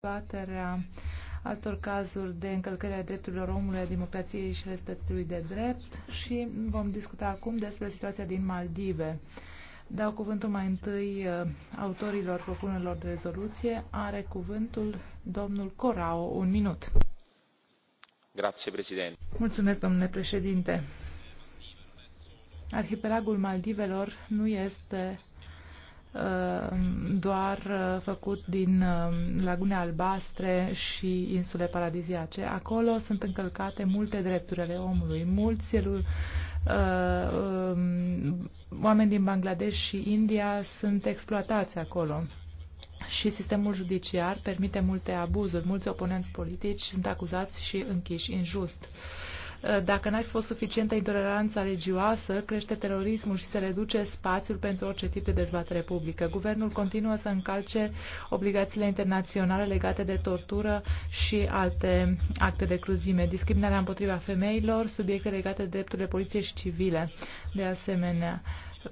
dezbaterea altor cazuri de încălcări a drepturilor omului, a democrației și respectului de drept și vom discuta acum despre situația din Maldive. Dau cuvântul mai întâi uh, autorilor propunerilor de rezoluție. Are cuvântul domnul Corao, un minut. Grazie, președinte. Mulțumesc, domnule președinte. Arhipelagul Maldivelor nu este Uh, doar uh, făcut din uh, lagune albastre și insule paradiziace. Acolo sunt încălcate multe drepturi ale omului. Mulți um, oameni din Bangladesh și India sunt exploatați acolo și sistemul judiciar permite multe abuzuri. Mulți oponenți politici sunt acuzați și închiși injust. Uh, Uh, dacă n-ar fi fost suficientă intoleranța religioasă, crește terorismul și se reduce spațiul pentru orice tip de dezbatere publică. Guvernul continuă să încalce obligațiile internaționale legate de tortură și alte acte de cruzime, discriminarea împotriva femeilor, subiecte legate de drepturile poliției și civile, de asemenea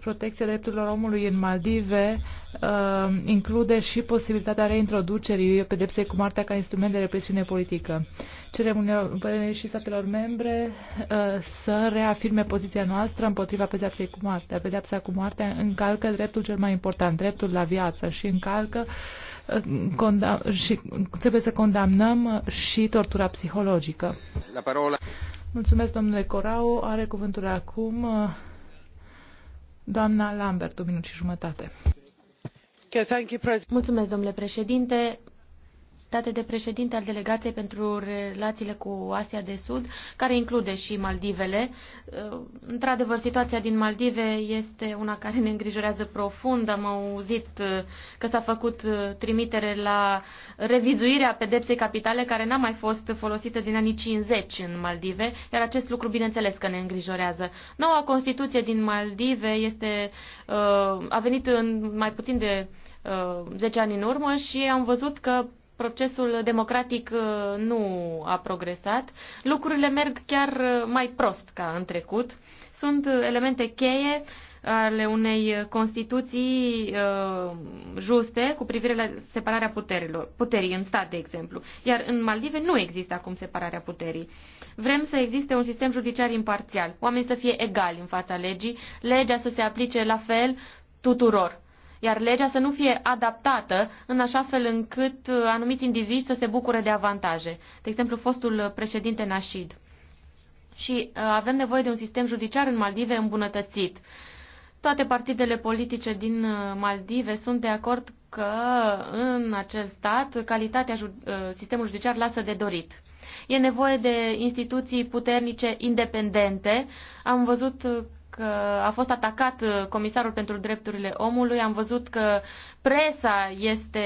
protecția drepturilor omului în Maldive uh, include și posibilitatea reintroducerii pedepsei cu moartea ca instrument de represiune politică. Cerem Uniunii și statelor membre uh, să reafirme poziția noastră împotriva pedepsei cu moartea. Pedepsa cu moartea încalcă dreptul cel mai important, dreptul la viață și încalcă uh, și trebuie să condamnăm și tortura psihologică. La parola. Mulțumesc, domnule Corau. Are cuvântul acum uh, Doamna Lambert, un minut și jumătate. Mulțumesc, domnule președinte calitate de președinte al delegației pentru relațiile cu Asia de Sud, care include și Maldivele. Uh, într-adevăr, situația din Maldive este una care ne îngrijorează profund. Am auzit uh, că s-a făcut uh, trimitere la revizuirea pedepsei capitale, care n-a mai fost folosită din anii 50 în Maldive, iar acest lucru, bineînțeles, că ne îngrijorează. Noua Constituție din Maldive este, a venit în mai puțin de 10 ani în urmă și am văzut că procesul democratic uh, nu a progresat, lucrurile merg chiar uh, mai prost ca în trecut. Sunt uh, elemente cheie ale unei constituții uh, juste cu privire la separarea puterilor, puterii în stat, de exemplu. Iar în Maldive nu există acum separarea puterii. Vrem să existe un sistem judiciar imparțial, oamenii să fie egali în fața legii, legea să se aplice la fel tuturor iar legea să nu fie adaptată în așa fel încât uh, anumiți indivizi să se bucure de avantaje. De exemplu, fostul uh, președinte Nașid. Și uh, avem nevoie de un sistem judiciar în Maldive îmbunătățit. Toate partidele politice din Maldive sunt de acord că în acel stat calitatea sistemului judiciar lasă de dorit. E nevoie de instituții puternice, independente. Am văzut că a fost atacat uh, comisarul pentru drepturile omului, am văzut că presa este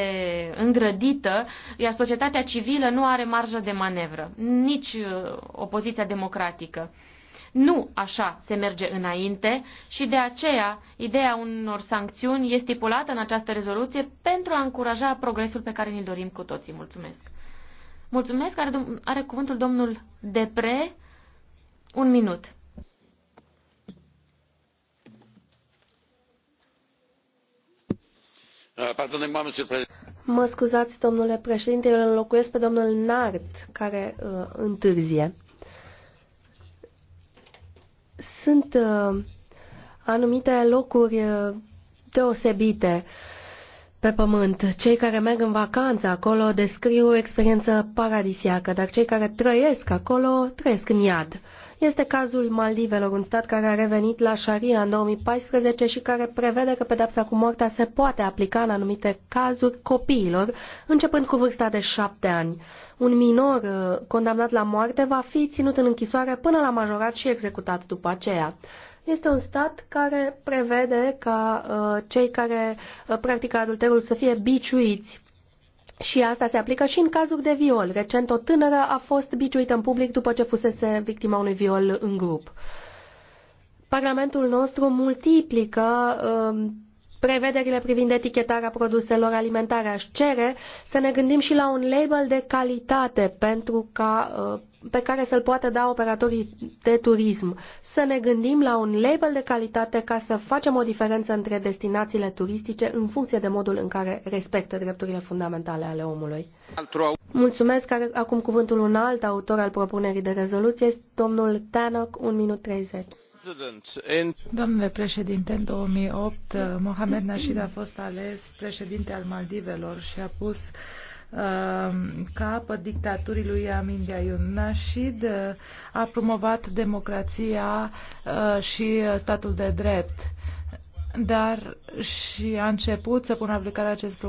îngrădită, iar societatea civilă nu are marjă de manevră, nici uh, opoziția democratică. Nu așa se merge înainte și de aceea ideea unor sancțiuni este stipulată în această rezoluție pentru a încuraja progresul pe care ni-l dorim cu toții. Mulțumesc! Mulțumesc! Are, are cuvântul domnul Depre. Un minut. Uh, mă scuzați, domnule președinte, eu îl înlocuiesc pe domnul Nart, care uh, întârzie. Sunt uh, anumite locuri uh, deosebite pe pământ. Cei care merg în vacanță acolo descriu o experiență paradisiacă, dar cei care trăiesc acolo trăiesc în iad. Uh, este cazul Maldivelor, un stat care a revenit la șaria în 2014 și care prevede că pedepsa cu moartea se poate aplica în anumite cazuri copiilor, începând cu vârsta de șapte ani. Un minor uh, condamnat la moarte va fi ținut în închisoare până la majorat și executat după aceea este un stat care prevede ca uh, cei care uh, practică adulterul să fie biciuiți și asta se aplică și în cazuri de viol. Recent, o tânără a fost biciuită în public după ce fusese victima unui viol în grup. Parlamentul nostru multiplică um, prevederile privind etichetarea produselor alimentare. Aș cere să ne gândim și la un label de calitate pentru ca uh, pe care să-l poată da operatorii de turism. Să ne gândim la un label de calitate ca să facem o diferență între destinațiile turistice în funcție de modul în care respectă drepturile fundamentale ale omului. Mulțumesc. că acum cuvântul un alt autor al propunerii de rezoluție, este domnul Tanok, 1 minut 30. Domnule președinte, în 2008, Mohamed Nasheed a fost ales președinte al Maldivelor și a pus uh, Um, capăt dictaturii lui Amin Diayun Nasheed, uh, a promovat democrația uh, și statul de drept dar și a început să pună în aplicare acest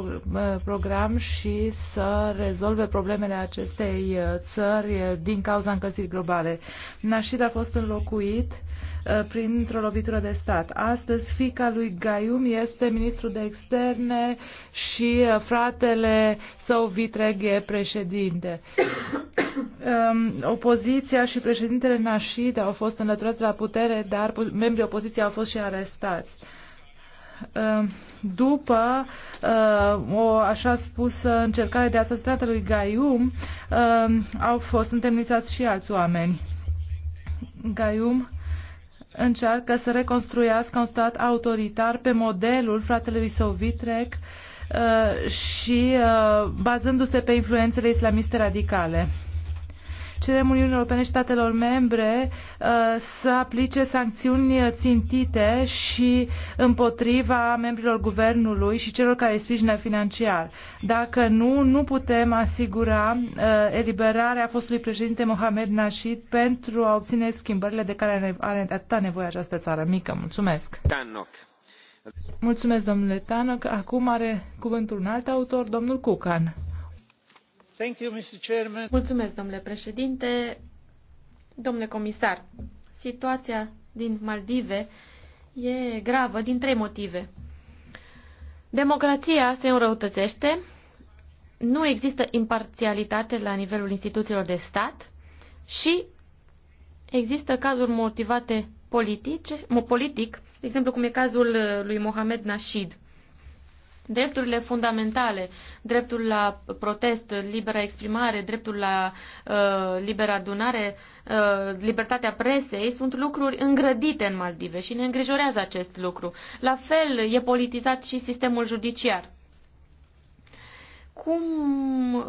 program și să rezolve problemele acestei uh, țări din cauza încălzirii globale. Nașid a fost înlocuit uh, printr-o lovitură de stat. Astăzi, fica lui Gaium este ministru de externe și uh, fratele său Vitreg e președinte. Um, opoziția și președintele Nașid au fost înlăturați la putere, dar membrii opoziției au fost și arestați. Ehm, după ehm, o așa spusă încercare de asasinat lui Gaium, ehm, au fost întemnițați și alți oameni. Gaium încearcă să reconstruiască un stat autoritar pe modelul fratelui său Vitrec și bazându-se pe influențele islamiste radicale. Cerem Uniunii Europene și statelor membre uh, să aplice sancțiuni țintite și împotriva membrilor guvernului și celor care îi sprijină financiar. Dacă nu, nu putem asigura uh, eliberarea fostului președinte Mohamed Nasheed pentru a obține schimbările de care are atâta nevoie această țară mică. Mulțumesc! Tannock. Mulțumesc, domnule Tanăc. Acum are cuvântul un alt autor, domnul Cucan. Mulțumesc, domnule președinte. Domnule comisar, situația din Maldive e gravă din trei motive. Democrația se înrăutățește, nu există imparțialitate la nivelul instituțiilor de stat și există cazuri motivate politice, politic, de exemplu cum e cazul lui Mohamed Nasheed drepturile fundamentale, dreptul la protest, libera exprimare, dreptul la uh, libera adunare, uh, libertatea presei, sunt lucruri îngrădite în Maldive și ne îngrijorează acest lucru. La fel e politizat și sistemul judiciar. Cum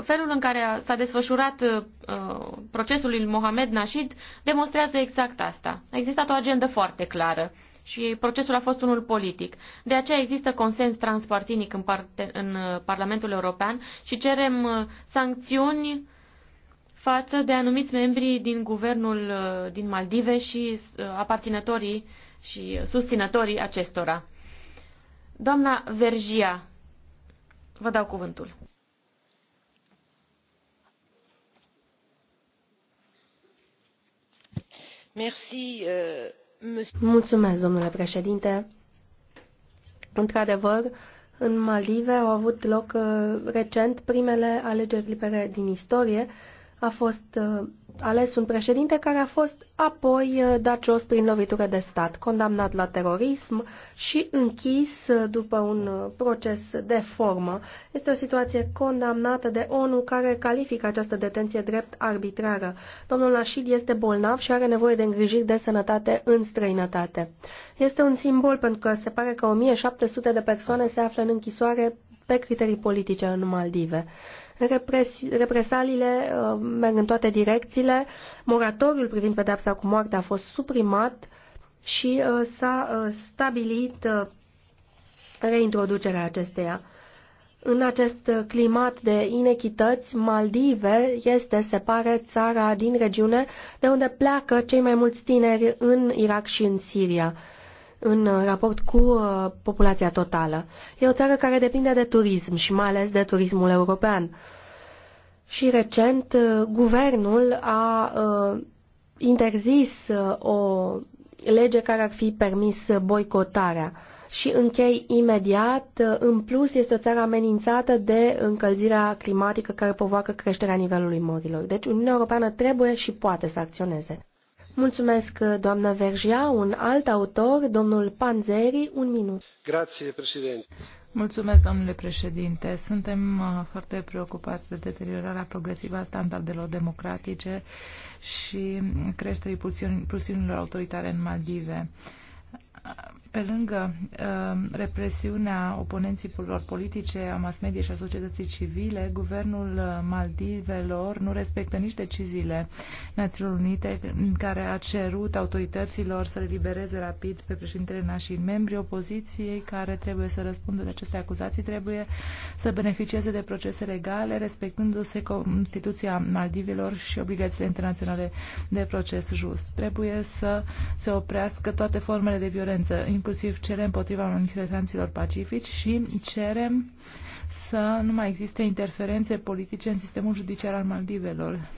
felul în care s-a desfășurat uh, procesul lui Mohamed Nasheed demonstrează exact asta. A existat o agendă foarte clară și procesul a fost unul politic. De aceea există consens transpartinic în, parte, în uh, Parlamentul European și cerem uh, sancțiuni față de anumiți membri din guvernul uh, din Maldive și aparținătorii și susținătorii acestora. Doamna Vergia, vă dau cuvântul. Merci, euh, Mulțumesc, domnule președinte. Într-adevăr, în Maldive au avut loc uh, recent primele alegeri libere din istorie. A fost uh, ales un președinte care a fost apoi uh, dat jos prin lovitură de stat, condamnat la terorism și închis uh, după un uh, proces de formă. Este o situație condamnată de ONU care califică această detenție drept arbitrară. Domnul Nașid este bolnav și are nevoie de îngrijiri de sănătate în străinătate. Este un simbol pentru că se pare că 1700 de persoane se află în închisoare pe criterii politice în Maldive represaliile uh, merg în toate direcțiile, moratoriul privind pedepsa cu moartea a fost suprimat și uh, s-a uh, stabilit reintroducerea acesteia. În acest climat de inechități, Maldive este, se pare, țara din regiune de unde pleacă cei mai mulți tineri în Irak și în Siria în uh, raport cu uh, populația totală. E o țară care depinde de turism și mai ales de turismul european. Și recent, uh, guvernul a interzis o lege care ar fi permis boicotarea. Și închei imediat, în plus este o țară amenințată de încălzirea climatică care provoacă creșterea nivelului mărilor. Deci Uniunea Europeană trebuie și poate să acționeze. Mulțumesc, doamna Vergia. Un alt autor, domnul Panzeri, un minut. Grazie, președinte. Mulțumesc, domnule președinte. Suntem uh, foarte preocupați de deteriorarea progresivă a standardelor democratice și creșterii pulsiunilor autoritare în Maldive pe lângă uh, represiunea oponenților politice, a mass media și a societății civile, guvernul uh, Maldivelor nu respectă nici deciziile Națiunilor Unite care a cerut autorităților să libereze rapid pe președintele Nașii. Membrii opoziției care trebuie să răspundă de aceste acuzații trebuie să beneficieze de procese legale, respectându-se Constituția Maldivelor și obligațiile internaționale de proces just. Trebuie să se oprească toate formele de violență violență, inclusiv cerem împotriva manifestanților pacifici și cerem să nu mai existe interferențe politice în sistemul judiciar al Maldivelor.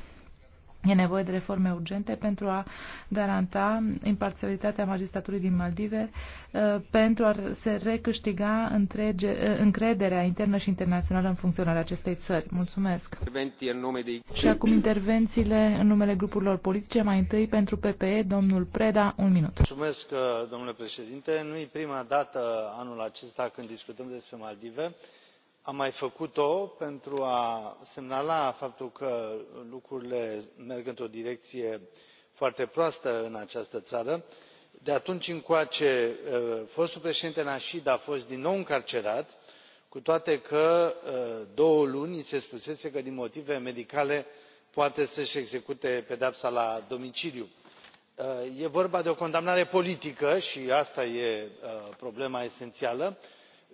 E nevoie de reforme urgente pentru a garanta imparțialitatea magistraturii din Maldive, uh, pentru a se recâștiga întrege, uh, încrederea internă și internațională în funcționarea acestei țări. Mulțumesc. Și acum intervențiile în numele grupurilor politice, mai întâi pentru PPE, domnul Preda, un minut. Mulțumesc, uh, domnule președinte. Nu e prima dată anul acesta când discutăm despre Maldive am mai făcut o pentru a semnala faptul că lucrurile merg într o direcție foarte proastă în această țară. de atunci încoace uh, fostul președinte nasheed a fost din nou încarcerat cu toate că uh, două luni i se spusese că din motive medicale poate să și execute pedeapsa la domiciliu. Uh, e vorba de o condamnare politică și asta e problema esențială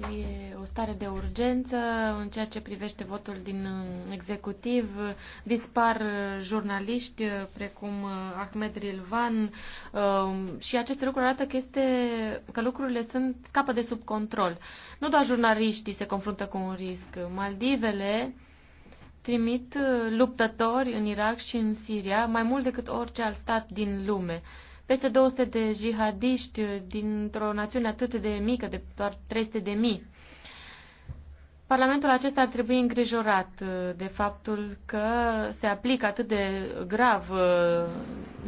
E o stare de urgență în ceea ce privește votul din executiv. Dispar jurnaliști uh, precum uh, Ahmed Rilvan uh, și aceste lucruri arată că, este, că lucrurile sunt, scapă de sub control. Nu doar jurnaliștii se confruntă cu un risc. Maldivele trimit luptători în Irak și în Siria mai mult decât orice alt stat din lume peste 200 de jihadiști dintr-o națiune atât de mică, de doar 300 de mii. Parlamentul acesta ar trebui îngrijorat uh, de faptul că se aplică atât de grav uh,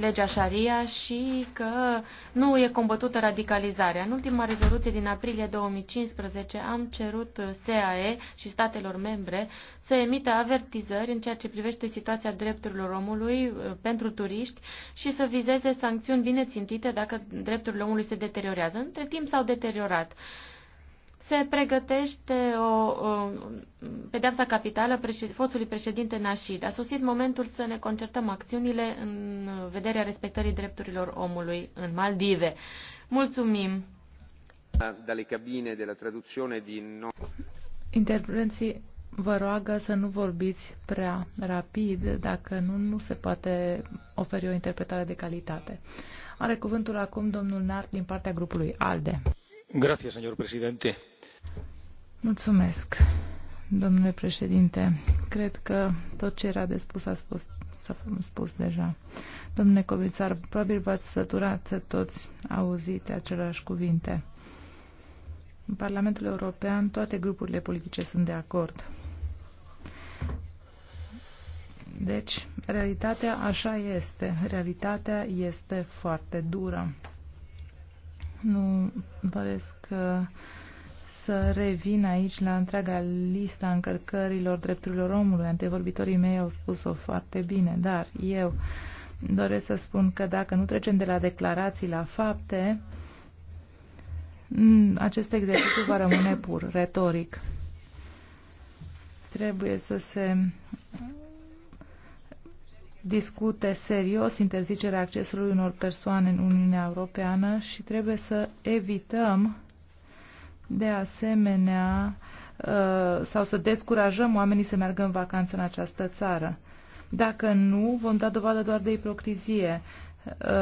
legea Sharia și că nu e combătută radicalizarea. În ultima rezoluție din aprilie 2015 am cerut uh, SAE și statelor membre să emită avertizări în ceea ce privește situația drepturilor omului pentru turiști și să vizeze sancțiuni bine țintite dacă drepturile omului se deteriorează. Între timp s-au deteriorat se pregătește o, o pedeapsa capitală președ, fostului președinte Nașid. A sosit momentul să ne concertăm acțiunile în vederea respectării drepturilor omului în Maldive. Mulțumim! Dalle cabine de la traduzione din... Intervenții vă roagă să nu vorbiți prea rapid, dacă nu, nu se poate oferi o interpretare de calitate. Are cuvântul acum domnul Nart din partea grupului ALDE domnule președinte mulțumesc domnule președinte cred că tot ce era de spus a fost spus deja domnule comisar probabil v-ați săturat toți auzite aceleași cuvinte în Parlamentul European toate grupurile politice sunt de acord deci realitatea așa este realitatea este foarte dură nu doresc uh, să revin aici la întreaga lista încărcărilor drepturilor omului. Antevorbitorii mei au spus-o foarte bine, dar eu doresc să spun că dacă nu trecem de la declarații la fapte, mm, acest exercițiu va rămâne pur retoric. Trebuie să se discute serios interzicerea accesului unor persoane în Uniunea Europeană și trebuie să evităm de asemenea uh, sau să descurajăm oamenii să meargă în vacanță în această țară. Dacă nu, vom da dovadă doar de ipocrizie.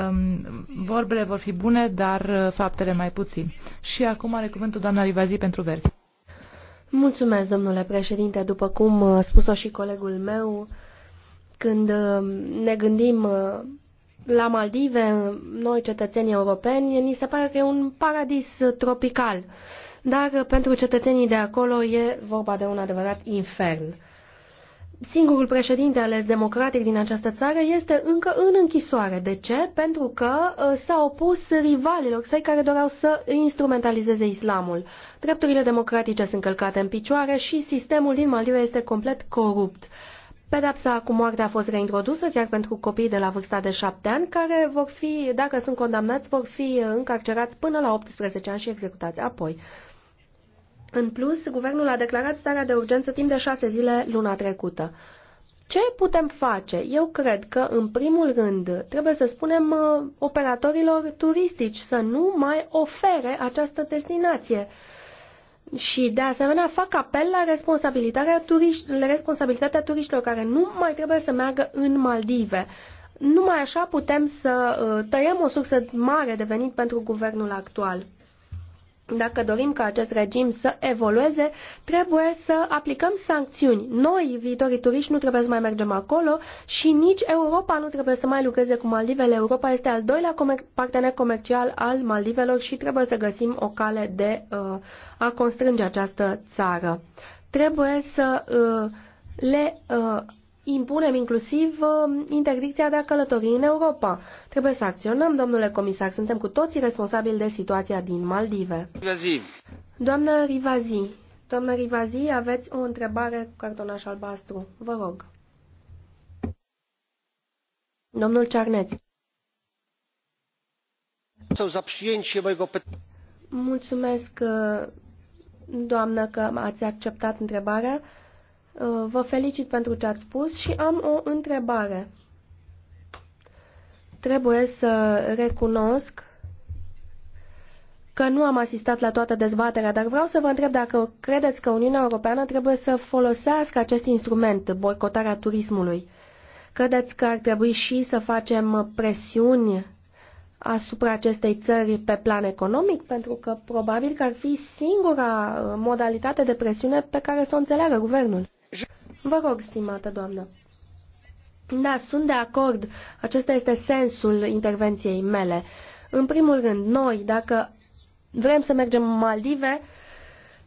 Um, vorbele vor fi bune, dar uh, faptele mai puțin. Și acum are cuvântul doamna Rivazi pentru versi. Mulțumesc, domnule președinte. După cum a spus-o și colegul meu, când uh, ne gândim uh, la Maldive, noi cetățenii europeni, ni se pare că e un paradis uh, tropical. Dar pentru cetățenii de acolo e vorba de un adevărat infern. Singurul președinte ales democratic din această țară este încă în închisoare. De ce? Pentru că s-a opus rivalilor săi care doreau să instrumentalizeze islamul. Drepturile democratice sunt călcate în picioare și sistemul din Maldive este complet corupt. Pedapsa cu moartea a fost reintrodusă chiar pentru copii de la vârsta de 7 ani, care vor fi, dacă sunt condamnați, vor fi încarcerați până la 18 ani și executați apoi. În plus, guvernul a declarat starea de urgență timp de șase zile luna trecută. Ce putem face? Eu cred că, în primul rând, trebuie să spunem uh, operatorilor turistici să nu mai ofere această destinație și, de asemenea, fac apel la responsabilitatea, turiști, la responsabilitatea turiștilor care nu mai trebuie să meargă în Maldive. Numai așa putem să uh, tăiem o sursă mare de venit pentru guvernul actual. Dacă dorim ca acest regim să evolueze, trebuie să aplicăm sancțiuni. Noi, viitorii turiști, nu trebuie să mai mergem acolo și nici Europa nu trebuie să mai lucreze cu Maldivele. Europa este al doilea comer partener comercial al Maldivelor și trebuie să găsim o cale de uh, a constrânge această țară. Trebuie să uh, le uh, impunem inclusiv um, interdicția de a călători în Europa. Trebuie să acționăm, domnule comisar, suntem cu toții responsabili de situația din Maldive. Rivazi. Doamna Rivazi, doamna Rivazi, aveți o întrebare cu cartonaș albastru. Vă rog. Domnul Cerneț. Mulțumesc, uh, doamnă, că ați acceptat întrebarea. Uh, vă felicit pentru ce ați spus și am o întrebare. Trebuie să recunosc că nu am asistat la toată dezbaterea, dar vreau să vă întreb dacă credeți că Uniunea Europeană trebuie să folosească acest instrument, boicotarea turismului. Credeți că ar trebui și să facem presiuni asupra acestei țări pe plan economic, pentru că probabil că ar fi singura modalitate de presiune pe care să o înțeleagă guvernul. Vă rog, stimată doamnă. Da, sunt de acord. Acesta este sensul intervenției mele. În primul rând, noi, dacă vrem să mergem în Maldive,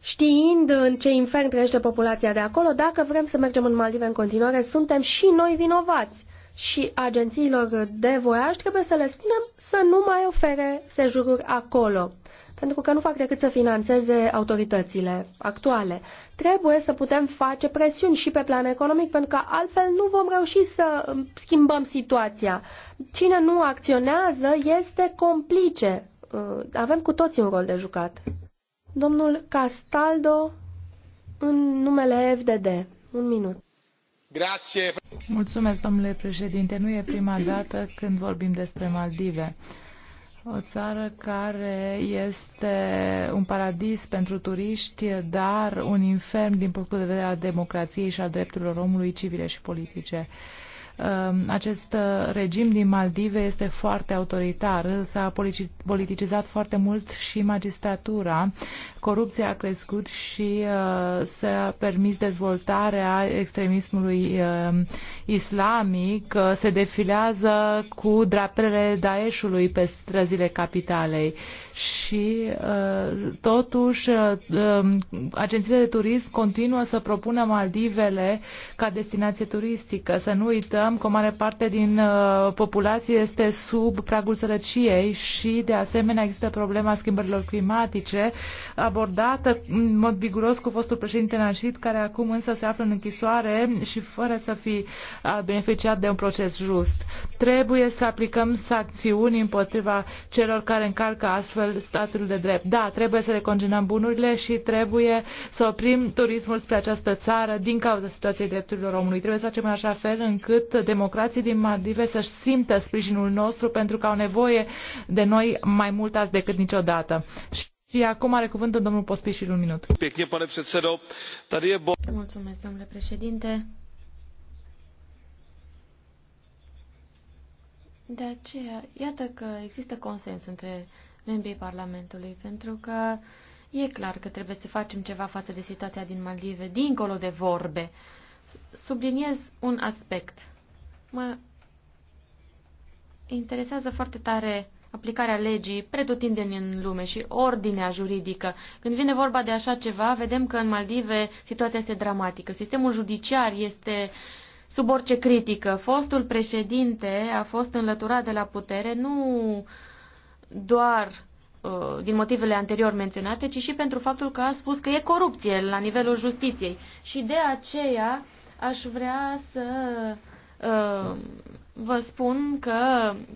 știind în ce infern trăiește populația de acolo, dacă vrem să mergem în Maldive în continuare, suntem și noi vinovați. Și agențiilor de voiaj trebuie să le spunem să nu mai ofere sejururi acolo pentru că nu fac decât să financeze autoritățile actuale. Trebuie să putem face presiuni și pe plan economic, pentru că altfel nu vom reuși să schimbăm situația. Cine nu acționează este complice. Uh, avem cu toții un rol de jucat. Domnul Castaldo, în numele FDD. Un minut. Grazie. Mulțumesc, domnule președinte. Nu e prima dată când vorbim despre Maldive. O țară care este un paradis pentru turiști, dar un infern din punctul de vedere al democrației și al drepturilor omului civile și politice. Ehm, acest uh, regim din Maldive este foarte autoritar. S-a politicizat foarte mult și magistratura. Corupția a crescut și uh, s-a permis dezvoltarea extremismului ehm, islamic. Uh, se defilează cu drapele Daeshului pe străzile capitalei și uh, totuși uh, um, agențiile de turism continuă să propună Maldivele ca destinație turistică. Să nu uităm că o mare parte din uh, populație este sub pragul sărăciei și de asemenea există problema schimbărilor climatice abordată în mod viguros cu fostul președinte nașit, care acum însă se află în închisoare și fără să fi beneficiat de un proces just. Trebuie să aplicăm sancțiuni împotriva celor care încalcă astfel al statul de drept. Da, trebuie să recongenăm bunurile și trebuie să oprim turismul spre această țară din cauza situației drepturilor omului. Trebuie să facem în așa fel încât democrații din Maldive să-și simtă sprijinul nostru pentru că au nevoie de noi mai mult azi decât niciodată. Și acum are cuvântul domnul Pospișil un minut. Mulțumesc, domnule președinte. De aceea, iată că există consens între membrii Parlamentului, pentru că e clar că trebuie să facem ceva față de situația din Maldive, dincolo de vorbe. Subliniez un aspect. Mă interesează foarte tare aplicarea legii pretutindeni în lume și ordinea juridică. Când vine vorba de așa ceva, vedem că în Maldive situația este dramatică. Sistemul judiciar este sub orice critică. Fostul președinte a fost înlăturat de la putere, nu doar uh, din motivele anterior menționate, ci și pentru faptul că a spus că e corupție la nivelul justiției. Și de aceea aș vrea să uh, vă spun că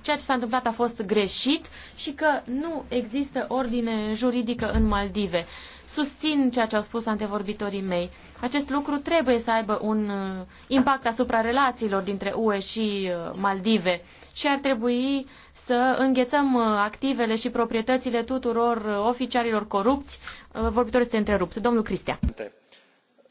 ceea ce s-a întâmplat a fost greșit și că nu există ordine juridică în Maldive. Susțin ceea ce au spus antevorbitorii mei. Acest lucru trebuie să aibă un uh, impact asupra relațiilor dintre UE și uh, Maldive și ar trebui să înghețăm uh, activele și proprietățile tuturor oficialilor corupți. Vorbitorul este întrerupt. Domnul Cristea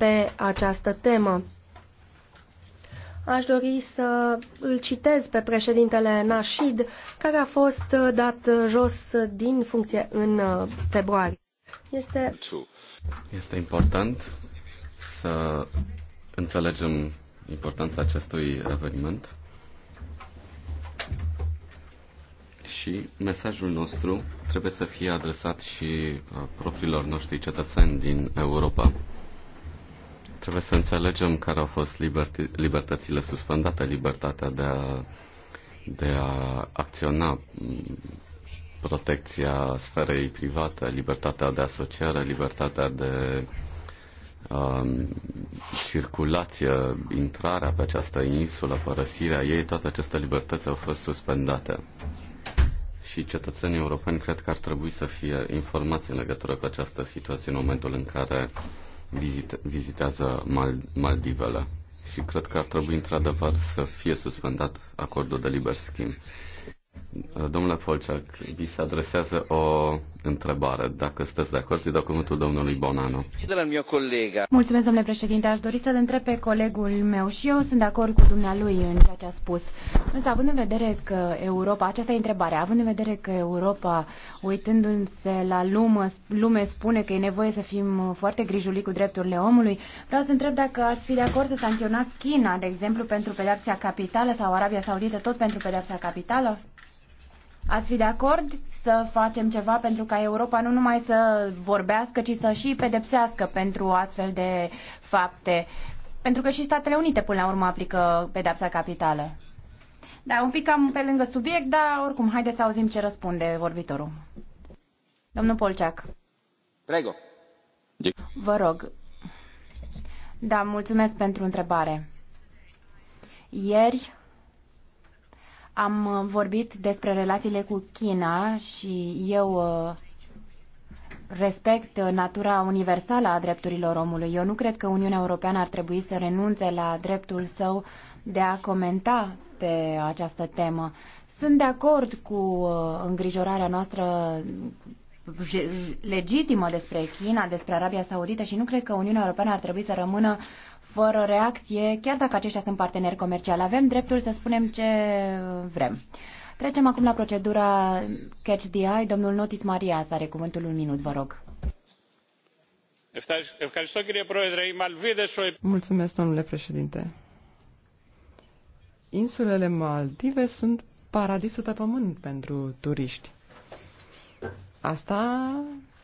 pe această temă. Aș dori să îl citez pe președintele Nașid, care a fost dat jos din funcție în februarie. Este, este important să înțelegem importanța acestui eveniment și mesajul nostru trebuie să fie adresat și uh, propriilor noștri cetățeni din Europa. Trebuie să înțelegem care au fost liberti- libertățile suspendate, libertatea de a, de a acționa, protecția sferei private, libertatea de asociere, libertatea de um, circulație, intrarea pe această insulă, părăsirea ei, toate aceste libertăți au fost suspendate. Și cetățenii europeni cred că ar trebui să fie informați în legătură cu această situație în momentul în care vizite, vizitează Mal, Maldivele și cred că ar trebui într-adevăr să fie suspendat acordul de liber schimb. Domnule Folceac, vi se adresează o întrebare. Dacă sunteți de acord, îi dau cuvântul domnului Bonano. Mulțumesc, domnule președinte. Aș dori să-l întreb pe colegul meu și eu sunt de acord cu dumnealui în ceea ce a spus. Însă, având în vedere că Europa, aceasta e întrebarea, având în vedere că Europa, uitându-se la lume, lume, spune că e nevoie să fim foarte grijuli cu drepturile omului, vreau să întreb dacă ați fi de acord să sancționați China, de exemplu, pentru pedepsa capitală sau Arabia Saudită tot pentru pedepsa capitală? Ați fi de acord să facem ceva pentru ca Europa nu numai să vorbească, ci să și pedepsească pentru astfel de fapte? Pentru că și Statele Unite până la urmă aplică pedepsa capitală. Da, un pic cam pe lângă subiect, dar oricum, haideți să auzim ce răspunde vorbitorul. Domnul Polceac. Prego. Deci- Vă rog. Da, mulțumesc pentru întrebare. Ieri am vorbit despre relațiile cu China și eu uh, respect natura universală a drepturilor omului. Eu nu cred că Uniunea Europeană ar trebui să renunțe la dreptul său de a comenta pe această temă. Sunt de acord cu uh, îngrijorarea noastră legitimă despre China, despre Arabia Saudită și nu cred că Uniunea Europeană ar trebui să rămână fără reacție, chiar dacă aceștia sunt parteneri comerciali. Avem dreptul să spunem ce vrem. Trecem acum la procedura Catch the Eye. Domnul Notis Maria are cuvântul un minut, vă rog. Mulțumesc, domnule președinte. Insulele Maldive sunt paradisul pe pământ pentru turiști. Asta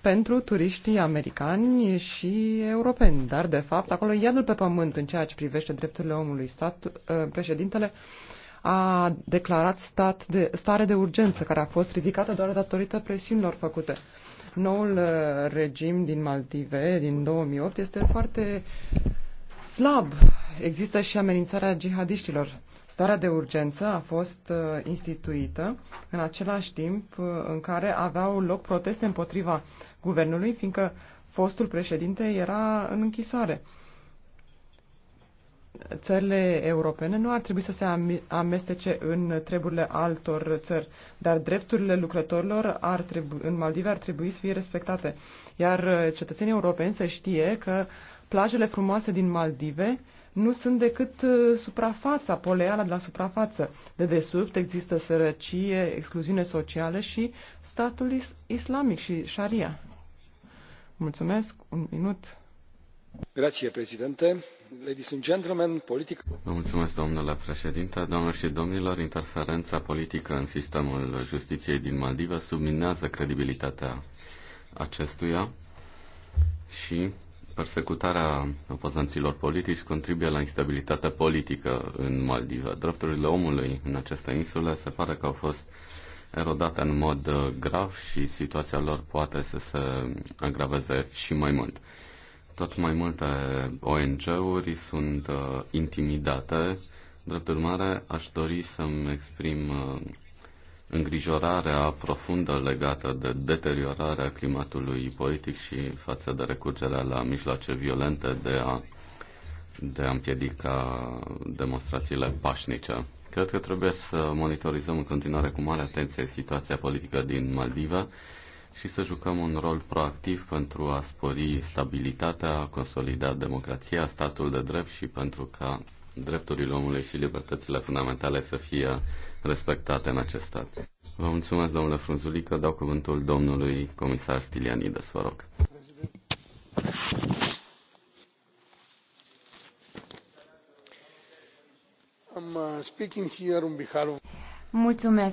pentru turiștii americani și europeni. Dar, de fapt, acolo iadul pe pământ în ceea ce privește drepturile omului. Stat, ă, președintele a declarat stat de, stare de urgență, care a fost ridicată doar datorită presiunilor făcute. Noul ă, regim din Maldive din 2008 este foarte slab. Există și amenințarea jihadiștilor. Starea de urgență a fost uh, instituită în același timp uh, în care aveau loc proteste împotriva guvernului, fiindcă fostul președinte era în închisoare. Țările europene nu ar trebui să se amestece în treburile altor țări, dar drepturile lucrătorilor ar trebui, în Maldive ar trebui să fie respectate. Iar uh, cetățenii europeni să știe că plajele frumoase din Maldive uh, nu sunt decât uh, suprafața, poleala de la suprafață. De desubt există sărăcie, excluziune socială și statul islamic și șaria. Mulțumesc. Un minut. Grație, președinte. Ladies and gentlemen, politică. Vă mulțumesc, domnule președinte. Doamnelor și domnilor, interferența politică în sistemul justiției din Maldive subminează credibilitatea acestuia și persecutarea opozanților politici contribuie la instabilitatea politică în Maldive. Drepturile omului în aceste insule se pare că au fost erodate în mod uh, grav și situația lor poate să se agraveze și mai mult. Tot mai multe ONG-uri sunt uh, intimidate. Drept urmare, aș dori să-mi exprim uh, îngrijorarea profundă legată de deteriorarea climatului politic și față de recurgerea la mijloace violente de a, de a împiedica demonstrațiile pașnice. Cred că trebuie să monitorizăm în continuare cu mare atenție situația politică din Maldiva și să jucăm un rol proactiv pentru a spori stabilitatea, consolida democrația, statul de drept și pentru ca drepturile omului și libertățile fundamentale să fie respectate în acest stat. Vă mulțumesc, domnule Frunzulică. Dau cuvântul domnului comisar Stilianides, vă rog. Uh, mulțumesc,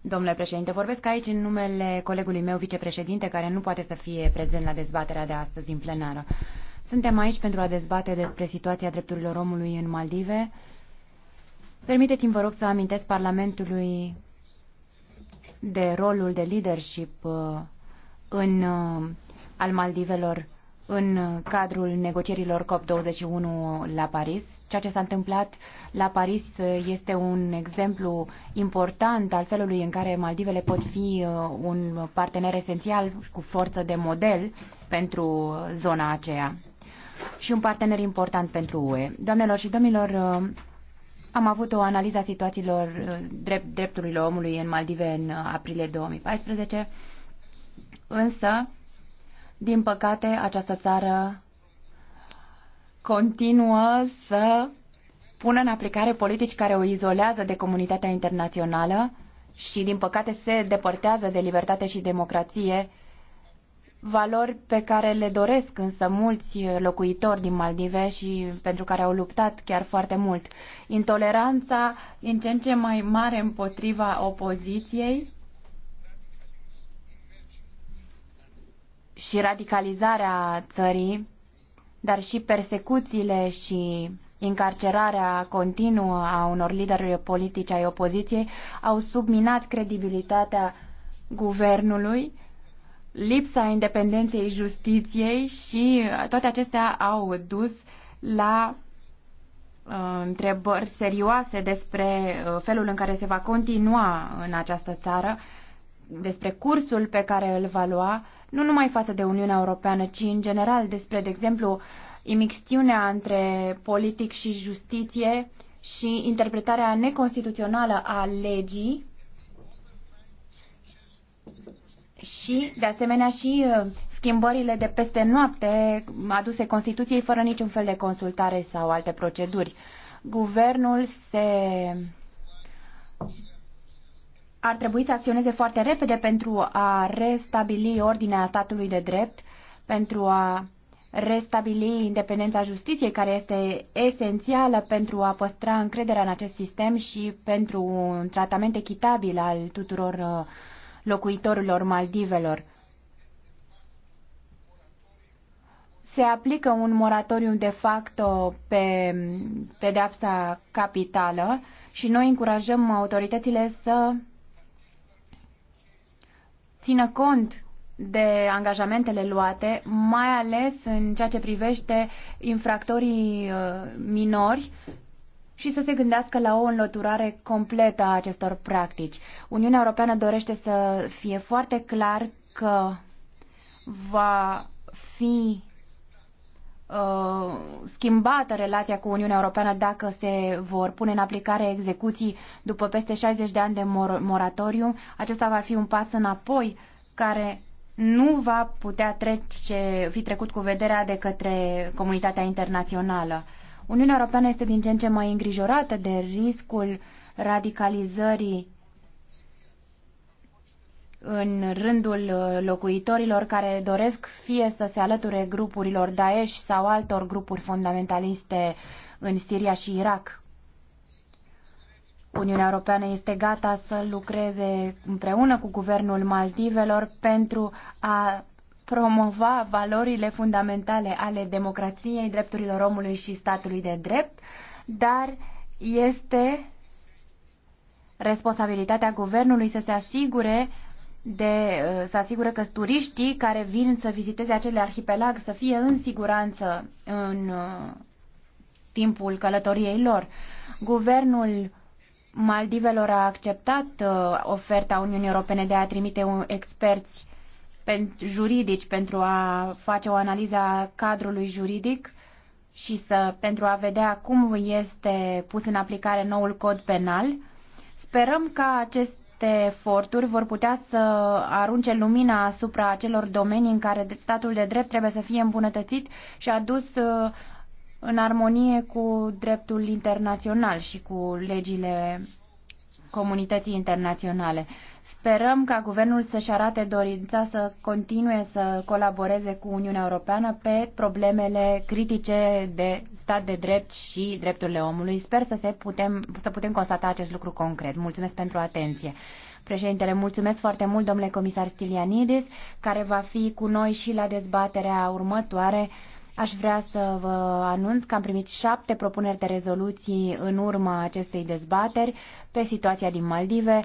domnule președinte. Vorbesc aici în numele colegului meu, vicepreședinte, care nu poate să fie prezent la dezbaterea de astăzi în plenară. Suntem aici pentru a dezbate despre situația drepturilor omului în Maldive. Permiteți-mi, vă rog, să amintesc Parlamentului de rolul de leadership uh, în, uh, al Maldivelor în cadrul negocierilor COP21 la Paris. Ceea ce s-a întâmplat la Paris uh, este un exemplu important al felului în care Maldivele pot fi un partener esențial cu forță de model pentru zona aceea și un partener important pentru UE. Doamnelor și domnilor, uh, am avut o analiză a situațiilor uh, drept, drepturilor omului în Maldive în uh, aprilie 2014, însă, din păcate, această țară continuă să pună în aplicare politici care o izolează de comunitatea internațională și, din păcate, se depărtează de libertate și democrație valori pe care le doresc însă mulți locuitori din Maldive și pentru care au luptat chiar foarte mult. Intoleranța în ce în ce mai mare împotriva opoziției și radicalizarea țării, dar și persecuțiile și încarcerarea continuă a unor lideri politici ai opoziției au subminat credibilitatea guvernului lipsa independenței justiției și uh, toate acestea au dus la uh, întrebări serioase despre uh, felul în care se va continua în această țară, despre cursul pe care îl va lua, nu numai față de Uniunea Europeană, ci în general despre, de exemplu, imixtiunea între politic și justiție și interpretarea neconstituțională a legii și, de asemenea, și uh, schimbările de peste noapte aduse Constituției fără niciun fel de consultare sau alte proceduri. Guvernul se ar trebui să acționeze foarte repede pentru a restabili ordinea statului de drept, pentru a restabili independența justiției, care este esențială pentru a păstra încrederea în acest sistem și pentru un tratament echitabil al tuturor uh, locuitorilor Maldivelor. Se aplică un moratoriu de facto pe pedeapsa capitală și noi încurajăm autoritățile să țină cont de angajamentele luate, mai ales în ceea ce privește infractorii uh, minori și să se gândească la o înlăturare completă a acestor practici. Uniunea Europeană dorește să fie foarte clar că va fi uh, schimbată relația cu Uniunea Europeană dacă se vor pune în aplicare execuții după peste 60 de ani de mor- moratoriu. Acesta va fi un pas înapoi care nu va putea trece, fi trecut cu vederea de către comunitatea internațională. Uh, Uniunea Europeană este din ce în ce mai îngrijorată de riscul radicalizării în rândul locuitorilor care doresc fie să se alăture grupurilor Daesh sau altor grupuri fundamentaliste în Siria și Irak. Uniunea Europeană este gata să lucreze împreună cu guvernul Maldivelor pentru a promova valorile fundamentale ale democrației, drepturilor omului și statului de drept, dar este responsabilitatea guvernului să se asigure de, uh, să asigure că turiștii care vin să viziteze acele arhipelag să fie în siguranță în uh, timpul călătoriei lor. Guvernul Maldivelor a acceptat uh, oferta Uniunii Europene de a trimite experți juridici pentru a face o analiză a cadrului juridic și să, pentru a vedea cum este pus în aplicare noul cod penal. Sperăm că aceste eforturi vor putea să arunce lumina asupra acelor domenii în care statul de drept trebuie să fie îmbunătățit și adus uh, în armonie cu dreptul internațional și cu legile comunității internaționale. Sperăm ca guvernul să-și arate dorința să continue să colaboreze cu Uniunea Europeană pe problemele critice de stat de drept și drepturile omului. Sper să, se putem, să putem constata acest lucru concret. Mulțumesc pentru atenție. Președintele, mulțumesc foarte mult, domnule comisar Stilianidis, care va fi cu noi și la dezbaterea următoare. Aș vrea să vă anunț că am primit șapte propuneri de rezoluții în urma acestei dezbateri pe situația din Maldive.